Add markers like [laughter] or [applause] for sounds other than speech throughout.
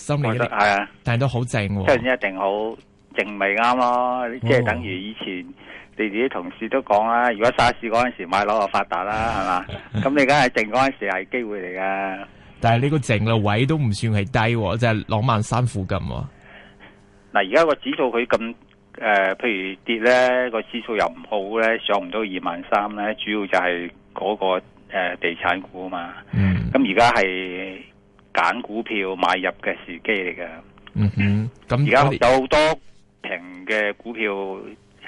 心裡，我覺得係啊，但係都、哦、好正、哦，即係一定好靜咪啱咯。即係等於以前你哋啲同事都講啦，如果沙士嗰陣時候買樓就發達啦，係、啊、嘛？咁 [laughs] 你梗係係靜嗰陣時係機會嚟噶。但係呢個靜嘅位都唔算係低，即係兩萬三附近。嗱，而家個指數佢咁誒，譬如跌咧，個指數又唔好咧，上唔到二萬三咧，主要就係嗰、那個誒、呃、地產股啊嘛。咁而家係。嗯揀股票買入嘅時機嚟噶，嗯嗯，咁而家有好多平嘅股票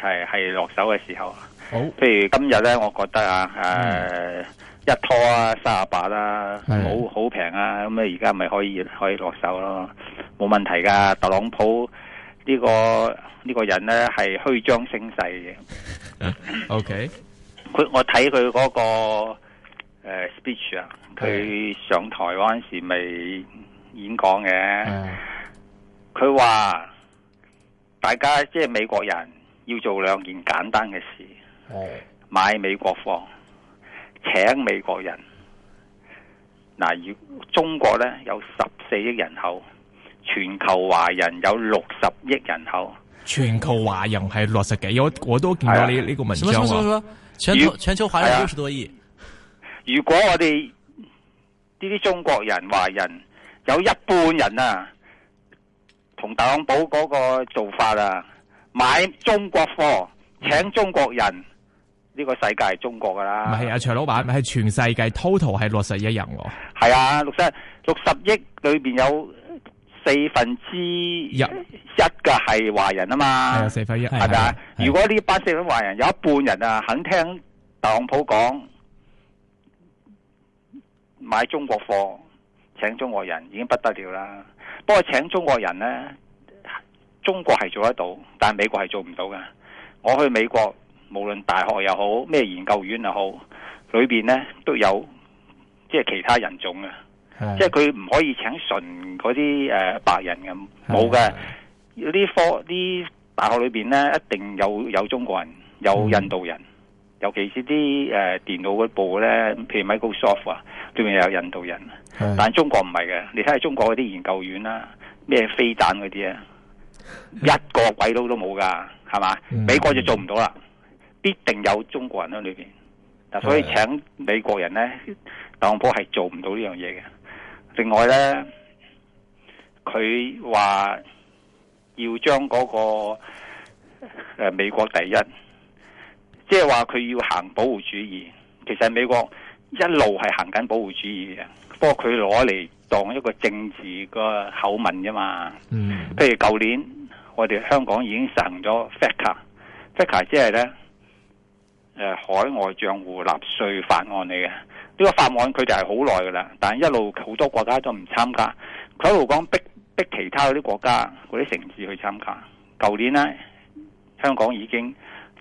係係落手嘅時候，好，譬如今日咧，我覺得啊，誒、嗯，一拖啊，三十八啦，好好平啊，咁、嗯、啊，而家咪可以可以落手咯，冇問題噶。特朗普呢、呢個呢、呢個人咧係虛張聲勢嘅，OK，佢我睇佢嗰個。誒、uh,，speech 啊，佢上台嗰陣時未演講嘅，佢、yeah. 話大家即係美國人要做兩件簡單嘅事，yeah. 買美國貨，請美國人。嗱，中國咧有十四億人口，全球華人有六十億人口，全球華人係六十幾億，我我都見到呢呢個文章全、yeah. 全球華人六十多億。Yeah. 如果我哋呢啲中國人、華人有一半人啊，同特朗普嗰個做法啊，買中國貨，請中國人，呢、這個世界係中國噶啦。唔係啊，徐老闆，係全世界 total 係六十億人喎。係啊，六十六十億裏邊有四分之一一嘅係華人啊嘛。係一啊，四分一係咪、啊啊啊、如果呢班四分華人有一半人啊，肯聽特朗普講。買中國貨，請中國人已經不得了啦！不過請中國人呢，中國係做得到，但係美國係做唔到嘅。我去美國，無論大學又好，咩研究院又好，裏邊呢都有即係其他人種嘅，即係佢唔可以請純嗰啲誒白人嘅，冇嘅。呢科、呢大學裏邊呢，一定有有中國人，有印度人。嗯尤其是啲誒電腦嗰部咧，譬如 Microsoft 啊，裏邊有印度人，但係中國唔係嘅。你睇下中國嗰啲研究院啦，咩飛彈嗰啲啊，一個鬼佬都冇噶，係嘛、嗯？美國就做唔到啦，必定有中國人喺裏邊。嗱，所以請美國人咧，特朗普係做唔到呢樣嘢嘅。另外咧，佢話要將嗰、個、呃、美國第一。即係話佢要行保護主義，其實美國一路係行緊保護主義嘅，不過佢攞嚟當一個政治個口吻啫嘛。嗯，譬如舊年我哋香港已經實行咗 FATCA，FATCA 即係咧誒海外賬戶納稅法案嚟嘅。呢、這個法案佢哋係好耐噶啦，但係一路好多國家都唔參加，佢一路講逼逼其他嗰啲國家嗰啲城市去參加。舊年咧香港已經。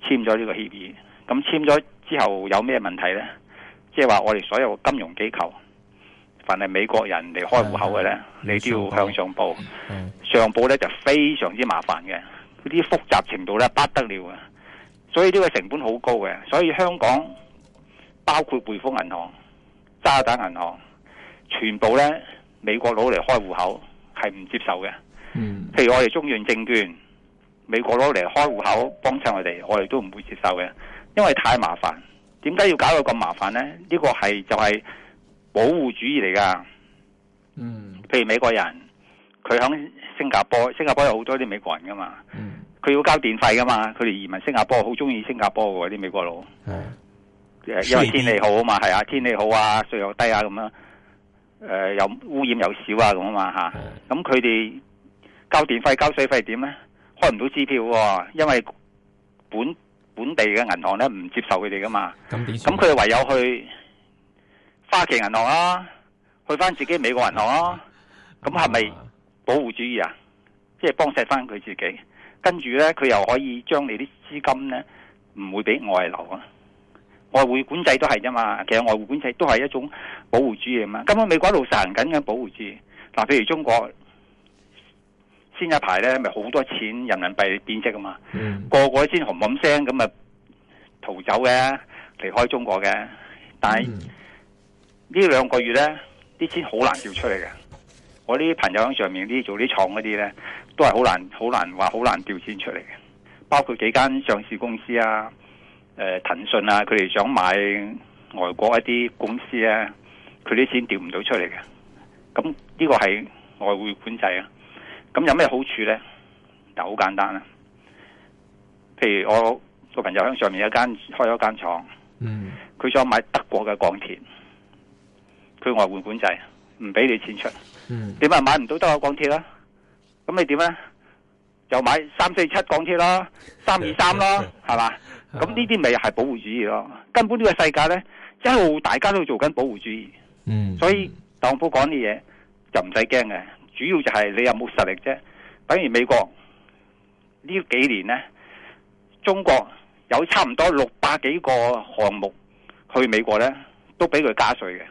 簽咗呢個協議，咁簽咗之後有咩問題呢？即係話我哋所有金融機構，凡係美國人嚟開戶口嘅呢，你都要向上報，上報呢就非常之麻煩嘅，啲複雜程度呢不得了啊！所以呢個成本好高嘅，所以香港包括匯豐銀行、渣打銀行，全部呢美國佬嚟開戶口係唔接受嘅。嗯。譬如我哋中原證券。美國佬嚟開戶口幫襯我哋，我哋都唔會接受嘅，因為太麻煩。點解要搞到咁麻煩呢？呢、呢個係就係保護主義嚟噶。嗯，譬如美國人，佢響新加坡，新加坡有好多啲美國人噶嘛。嗯，佢要交電費噶嘛，佢哋移民新加坡好中意新加坡喎。啲美國佬。因為天氣好啊嘛，係啊，天氣好啊，稅又低啊，咁、呃、啦。誒，又污染又少啊，咁啊嘛嚇。咁佢哋交電費、交水費點呢？開唔到支票喎，因為本本地嘅銀行咧唔接受佢哋噶嘛，咁佢哋唯有去花旗銀行啊，去翻自己美國銀行啊，咁係咪保護主義啊？即係幫晒翻佢自己，跟住咧佢又可以將你啲資金咧唔會俾外流啊，外匯管制都係啫嘛，其實外匯管制都係一種保護主義啊嘛，咁啊美國一路實行緊嘅保護主義，嗱譬如中國。先一排咧，咪好多錢人民幣貶值啊嘛、嗯，個個先哄哄聲咁啊逃走嘅，離開中國嘅。但係呢、嗯、兩個月咧，啲錢好難調出嚟嘅。我啲朋友喺上面啲做啲廠嗰啲咧，都係好難好難話好難調錢出嚟嘅。包括幾間上市公司啊，誒、呃、騰訊啊，佢哋想買外國一啲公司啊，佢啲錢調唔到出嚟嘅。咁呢個係外匯管制啊。咁有咩好處咧？就好簡單啦、啊。譬如我個朋友喺上面有間開咗間廠，佢、嗯、想買德國嘅鋼鐵，佢外匯管制，唔俾你錢出，點、嗯、解買唔到德國鋼鐵啦？咁你點咧？就買三四七鋼鐵啦，三二三啦，係嘛？咁呢啲咪係保護主義咯？根本呢個世界咧一路大家都做緊保護主義，嗯、所以特朗普講啲嘢就唔使驚嘅。主要就係你有冇實力啫。等於美國呢幾年咧，中國有差唔多六百幾個項目去美國咧，都俾佢加稅嘅。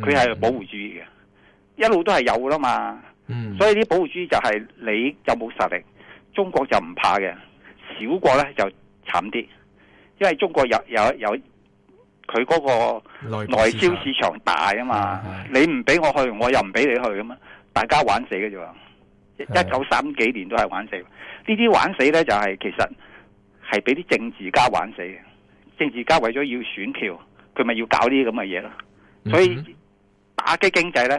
佢係保護主義嘅，一路都係有啦嘛。嗯、所以啲保護主義就係你有冇實力。中國就唔怕嘅，小國咧就慘啲，因為中國有有有佢嗰個內銷市場大啊嘛。你唔俾我去，我又唔俾你去啊嘛。大家玩死嘅啫，一九三幾年都係玩死。呢啲玩死呢，就是，就係其實係俾啲政治家玩死嘅。政治家為咗要選票，佢咪要搞呢啲咁嘅嘢咯。所以打擊經濟呢，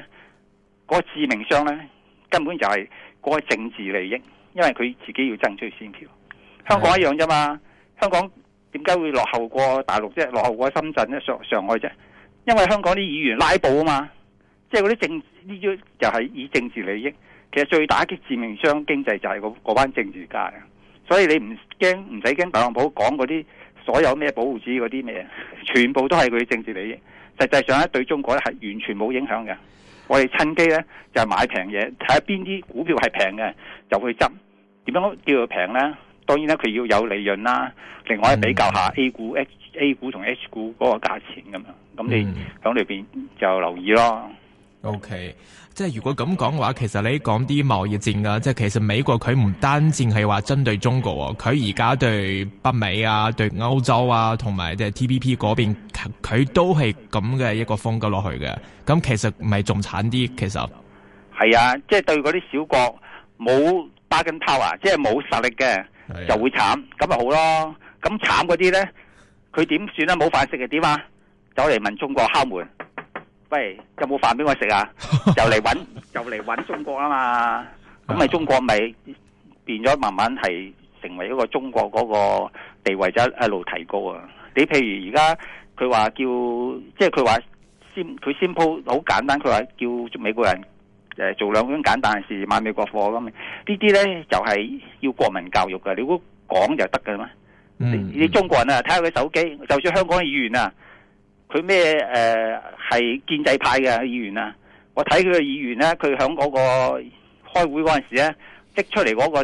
嗰、那個、致命傷呢，根本就係嗰個政治利益，因為佢自己要爭取選票。香港一樣啫嘛，香港點解會落後過大陸啫？落後過深圳、上上海啫？因為香港啲議員拉布啊嘛。即係嗰啲政呢啲，就係以政治利益。其實最打擊致命傷經濟就係嗰班政治家。所以你唔驚，唔使驚特朗普講嗰啲所有咩保護主義嗰啲咩，全部都係佢政治利益。實際上咧，對中國咧係完全冇影響嘅。我哋趁機咧就係買平嘢，睇下邊啲股票係平嘅就去執。點樣叫佢平咧？當然咧，佢要有利潤啦。另外比較下 A 股，H, A 股同 H 股嗰個價錢咁樣。咁你響裏邊就留意咯。OK，即係如果咁講嘅話，其實你講啲貿易戰啊，即係其實美國佢唔單止係話針對中國，佢而家對北美啊，對歐洲啊，同埋即係 T P P 嗰邊，佢都係咁嘅一個風格落去嘅。咁其實唔係仲慘啲？其實係啊，即係對嗰啲小國冇巴根塔啊，即係冇實力嘅就會慘。咁咪好咯，咁慘嗰啲呢，佢點算啊？冇飯食嘅點啊？走嚟問中國敲門。喂，有冇飯俾我食啊？又嚟搵，又嚟搵中國啊嘛！咁咪中國咪變咗慢慢係成為一個中國嗰個地位就一路提高啊！你譬如而家佢話叫，即係佢話先，佢先鋪好簡單，佢話叫美國人誒做兩種簡單嘅事買美國貨咁。呢啲咧就係要國民教育噶，你估講講就得噶啦嘛。嗯嗯你中國人啊，睇下佢手機，就算香港嘅議員啊。佢咩誒，係建制派嘅議員啊？我睇佢嘅議員咧，佢響嗰個開會嗰陣時咧，即出嚟嗰個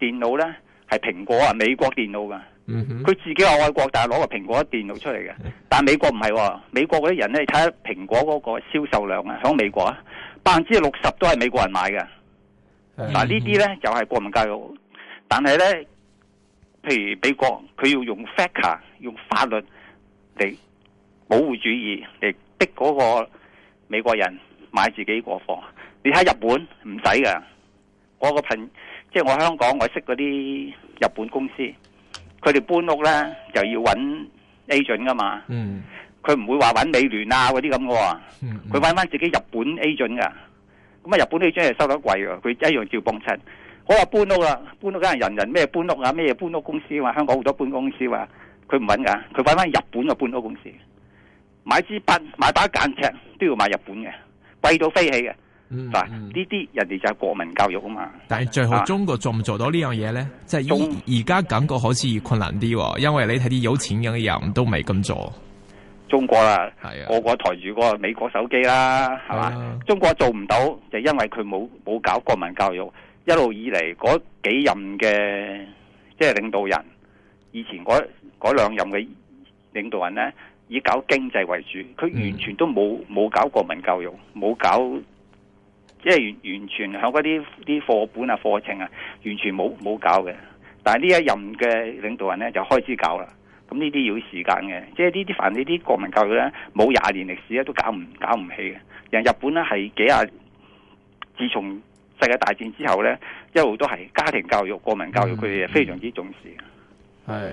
電腦咧係蘋果啊，美國電腦噶。嗯哼，佢自己話愛國，但係攞個蘋果電腦出嚟嘅。但係美國唔係，哦，美國嗰啲人咧睇下蘋果嗰個銷售量啊，響美國啊，百分之六十都係美國人買嘅。嗱，嗯、呢啲咧就係、是、國民教育，但係咧，譬如美國佢要用 factor 用法律嚟。.保護主義嚟逼嗰個美國人買自己國貨。你睇日本唔使噶，我個朋即係我香港，我識嗰啲日本公司，佢哋搬屋咧就要揾 agent 噶嘛。嗯，佢唔會話揾美聯啊嗰啲咁嘅話，佢揾翻自己日本 agent 噶。咁啊，日本 agent 係收得貴噶，佢一樣照幫襯。我話搬，搬，搬屋啊，搬屋梗係人人咩搬屋啊，咩搬屋公司話、啊、香港好多搬公司話佢唔揾噶，佢揾翻日本嘅搬屋公司。買支筆，買把間尺都要買日本嘅，貴到飛起嘅。嗱呢啲人哋就係國民教育啊嘛。但係最後中國做唔做到這件事呢樣嘢咧？即係用，而家感覺好似困難啲，因為你睇啲有錢嘅人都未咁做。中國啦，係啊，個個台住個美國手機啦，係嘛、啊？中國做唔到就因為佢冇冇搞國民教育，一路以嚟嗰幾任嘅即係領導人，以前嗰嗰兩任嘅領導人咧。以搞經濟為主，佢完全都冇冇搞國民教育，冇搞，即係完完全喺嗰啲啲課本啊、課程啊，完全冇冇搞嘅。但係呢一任嘅領導人咧就開始搞啦。咁呢啲要時間嘅，即係呢啲凡呢啲國民教育咧，冇廿年歷史咧都搞唔搞唔起嘅。人日本咧係幾廿，自從世界大戰之後咧一路都係家庭教育、國民教育，佢哋係非常之重視嘅。係。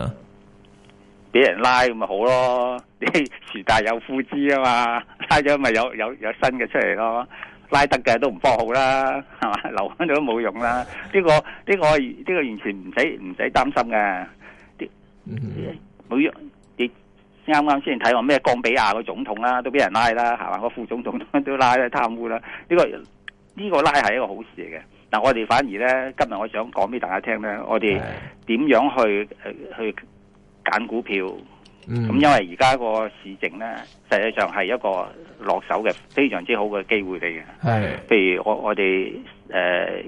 俾人拉咁咪好咯？你時代有枯枝啊嘛，拉咗咪有有有新嘅出嚟咯。拉得嘅都唔放好啦，係嘛，留返咗都冇用啦。呢、這個呢、這個呢、這個完全唔使唔使擔心嘅。啲冇用啱啱先睇我咩？剛，岡比亞個總統啦，都俾人拉啦，係嘛，個副總統都拉啦，貪污啦。呢、這個呢、這個拉係一個好事嚟嘅。嗱，我哋反而咧，今日我想講俾大家聽咧，我哋點樣去去。去揀股票咁、嗯，因為而家個市情呢，實際上係一個落手嘅非常之好嘅機會嚟嘅。係譬如我我哋誒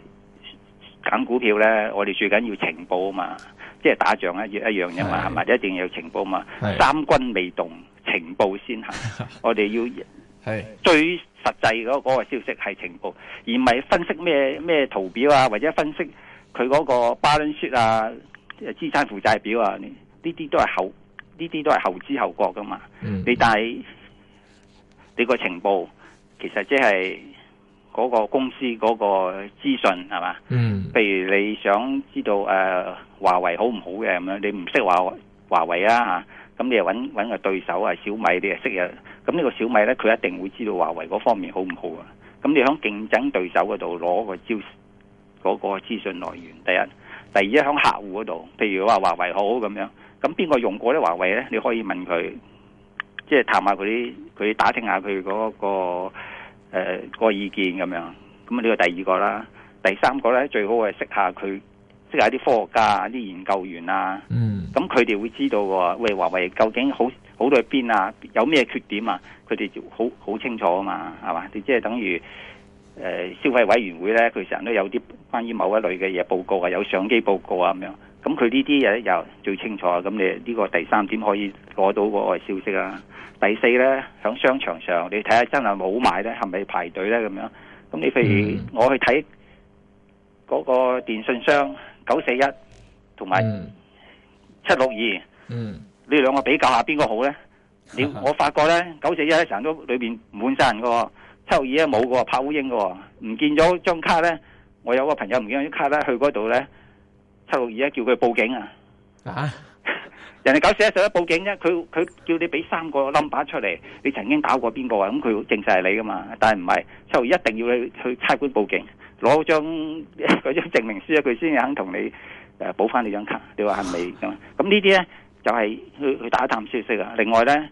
揀股票呢，我哋最緊要情報啊嘛，即係打仗一一樣啫嘛，係咪？一定要有情報嘛。三軍未動，情報先行。 [laughs] 我哋要係最實際嗰嗰個消息係情報，而唔係分析咩咩圖表啊，或者分析佢嗰個 balance sheet 啊，誒，資產負債表啊。呢啲都係後，呢啲都係後知後覺噶嘛。嗯、你帶你個情報，其實即係嗰個公司嗰個資訊係嘛？嗯，譬如你想知道誒華為好唔好嘅咁樣，你唔識話華為啊吓，咁你又搵搵個對手啊小米你又識啊，咁呢個小米咧佢一定會知道華為嗰方面好唔好啊。咁你喺競爭對手嗰度攞個招，嗰個資訊來源第一，第二咧喺客戶嗰度，譬如話華為好咁樣。咁邊個用過咧華為咧？你可以問佢，即係探下佢啲，佢打聽下佢嗰、那個誒個、呃、意見咁樣。咁啊呢個第二個啦，第三個咧最好係識下佢，識下啲科學家、啲研究員啊。嗯。咁佢哋會知道喎，喂，華為究竟好好在邊啊？有咩缺點啊？佢哋就好好清楚啊嘛，係嘛？你即係等於誒、呃、消費委員會咧，佢成日都有啲關於某一類嘅嘢報告啊，有相機報告啊咁樣。咁佢呢啲嘢又最清楚，咁你呢個第三點可以攞到嗰個消息啊。第四呢，響商場上你睇下真係冇買呢，係咪排隊呢？咁樣？咁你譬如我去睇嗰個電信商九四一同埋七六二，嗯，你兩個比較下邊個好呢？哈哈你我發覺呢，九四一咧成都裏邊滿晒人個，七六二一冇個拍烏蠅個，唔見咗張卡呢，我有個朋友唔見張卡呢，去嗰度呢。七六二一叫佢報警啊,啊！吓， [laughs] 人哋九四一十一報警啫，佢佢叫你俾三個 number 出嚟，你曾經打過邊個啊？咁佢證實係你噶嘛？但係唔係，七六二一定要你去去差館報警，攞張嗰張證明書啊佢先肯同你誒補翻你張卡。你話係咪咁？咁呢啲咧就係去去打探消息啊！另外咧，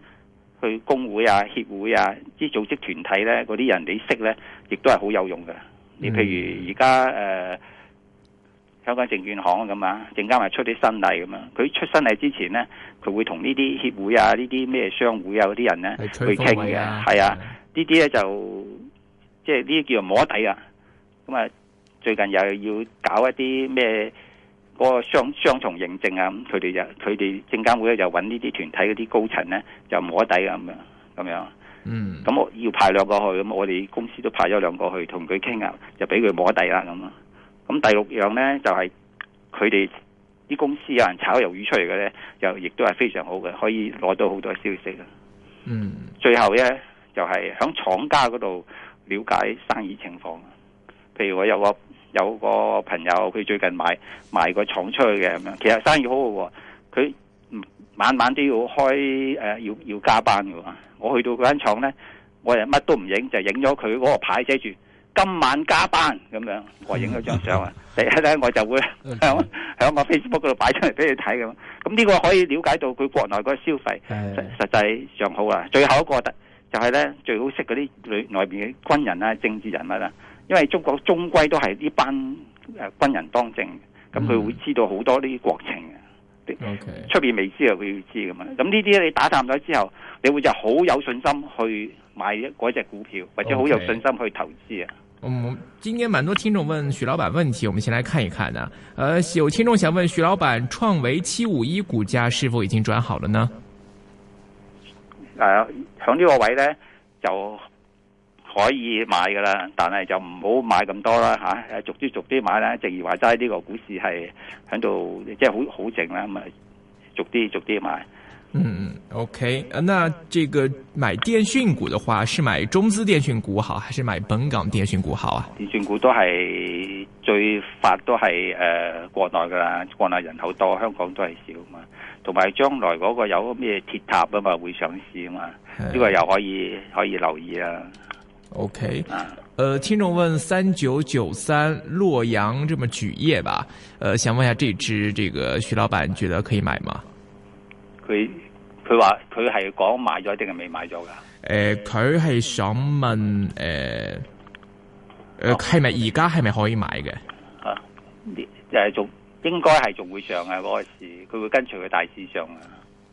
去工會啊、協會啊、啲組織團體咧，嗰啲人你識咧，亦都係好有用嘅。你譬如而家誒。香港證券行咁啊，證監委出啲新例咁啊，佢出新例之前咧，佢會同呢啲協會啊、呢啲咩商會啊嗰啲人咧去傾嘅，係啊，呢啲咧就即係呢啲叫做摸底啊。咁啊，最近又要搞一啲咩嗰個雙雙重認證啊，咁佢哋就，佢哋證監會咧就揾呢啲團體嗰啲高層咧就摸底啊，咁樣咁樣，嗯，咁我要派兩個去，咁我哋公司都派咗兩個去同佢傾啊，就俾佢摸底啦，咁啊。咁第六樣呢，就係佢哋啲公司有人炒魷魚出嚟嘅呢，又亦都係非常好嘅，可以攞到好多消息啦。嗯，最後呢，就係、是、響廠家嗰度了解生意情況。譬如我有個有個朋友，佢最近賣賣個廠出去嘅咁樣，其實生意好好、啊、喎。佢晚晚都要開誒、呃，要要加班嘅喎。我去到嗰間廠呢，我係乜都唔影，就影咗佢嗰個牌遮住。今晚加班咁樣，我影咗張相啊！第一咧，我就會響響、嗯、 [laughs] Facebook 嗰度擺出嚟俾你睇咁。咁呢個可以了解到佢國內嗰個消費實際上好啊。最後一個就係咧，最好識嗰啲內面嘅軍人啊、政治人物啦，因為中國終歸都係呢班誒軍人當政，咁佢會知道好多呢啲國情嘅。嗯出邊未知啊，會知㗎嘛。咁呢啲你打探咗之後，你會就好有信心去買嗰隻股票，或者好有信心去投資。Okay. 嗯，今日蠻多聽眾問徐老闆問題，我們先來看一看啊。呃，有聽眾想問徐老闆，創維七五一股價是否已經轉好了呢？誒、呃，響呢個位咧就。可以買噶啦，但係就唔好買咁多啦嚇、啊，逐啲逐啲買啦。正如話齋呢個股市係喺度，即係好好靜啦，咁啊逐啲逐啲買。嗯，OK，嗱呢個買電訊股嘅話，是買中資電訊股好，還是買本港電訊股好啊？電訊股都係最發都係，都係誒國內噶啦，國內人口多，香港都係少嘛。同埋將來嗰個有咩鐵塔啊嘛會上市啊嘛，呢、呢個又可以可以留意啊。O.K.，呃，聽眾問三九九三洛陽這麼舉業吧？呃，想問一下這支，這個徐老闆覺得可以買嗎？佢佢話佢係講買咗定係未買咗噶？誒、呃，佢係想問誒，誒、呃，係咪而家係咪可以買嘅？啊，誒，仲應該係仲會上嘅嗰、嗰個市，佢會跟隨佢大市上嘅。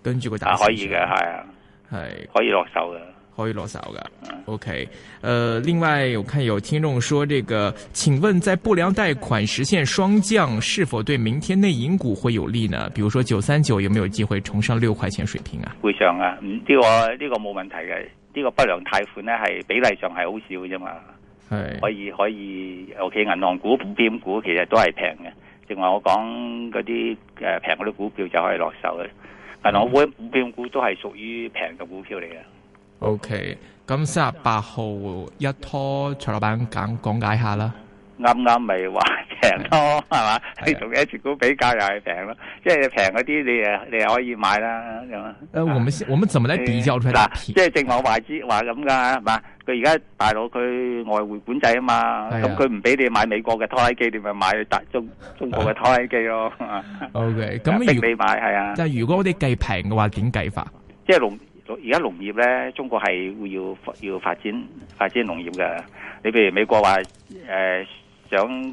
跟住佢大可以嘅，係啊，係可以落手嘅。可以落手噶，OK，呃，另外，我看有聽眾說，這個，請問在不良貸款實現雙降，是否對明天內銀股會有利呢？比如說九三九，有沒有機會重上六塊錢水平啊？會上啊，呢我呢個冇、這個、問題嘅，呢、這個不良貸款咧係比例上係好少啫嘛，係可以可以，OK，銀行股、普遍股其實都係平嘅，正話我講嗰啲誒平嗰啲股票就可以落手嘅，銀行股、普、嗯、遍股都係屬於平嘅股票嚟嘅。O.K. 咁三十八號一拖，徐老闆講講解下啦。啱啱咪話平咯，係嘛？你做嘅持股比較又係平咯，即係平嗰啲你誒，你又可以買啦。咁啊，誒，我們先，我們怎麼嚟比較出嚟？嗱，即係正我話之話咁噶，係嘛？佢而家大陸佢外匯管制啊嘛，咁佢唔俾你買美國嘅拖拉機，你咪買大中中國嘅拖拉機咯。O.K. 咁，定你買係啊？即係如果我哋計平嘅話，點計法？即係農。而家農業咧，中國係會要要發展發展農業嘅。你譬如美國話誒想誒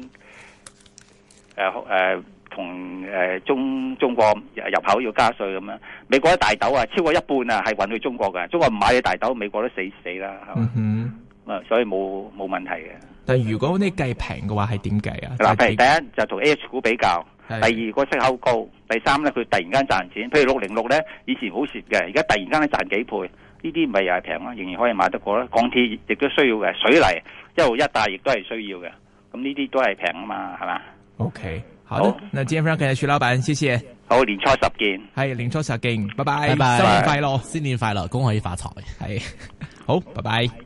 誒同誒中中國入口要加稅咁樣，美國啲大豆啊超過一半啊係運去中國嘅，中國唔買你大豆，美國都死死啦，係嘛？啊，所以冇冇問題嘅。但如果你計平嘅話，係點計啊？嗱，第一就同 A H 股比較，第二個息口高。第三咧，佢突然間賺錢，譬如六零六咧，以前好蝕嘅，而家突然間咧賺幾倍，呢啲咪又係平囉，仍然可以買得過啦。鋼鐵亦都需要嘅水泥，一路一帶亦都係需要嘅，咁呢啲都係平啊嘛，係嘛？OK，好，好那今日分享到呢，徐老闆，謝謝。好，年初十見，係年初十見，拜拜，拜拜 bye，新年快樂，Bye. 新年快樂，恭喜發財，係， [laughs] 好，拜拜。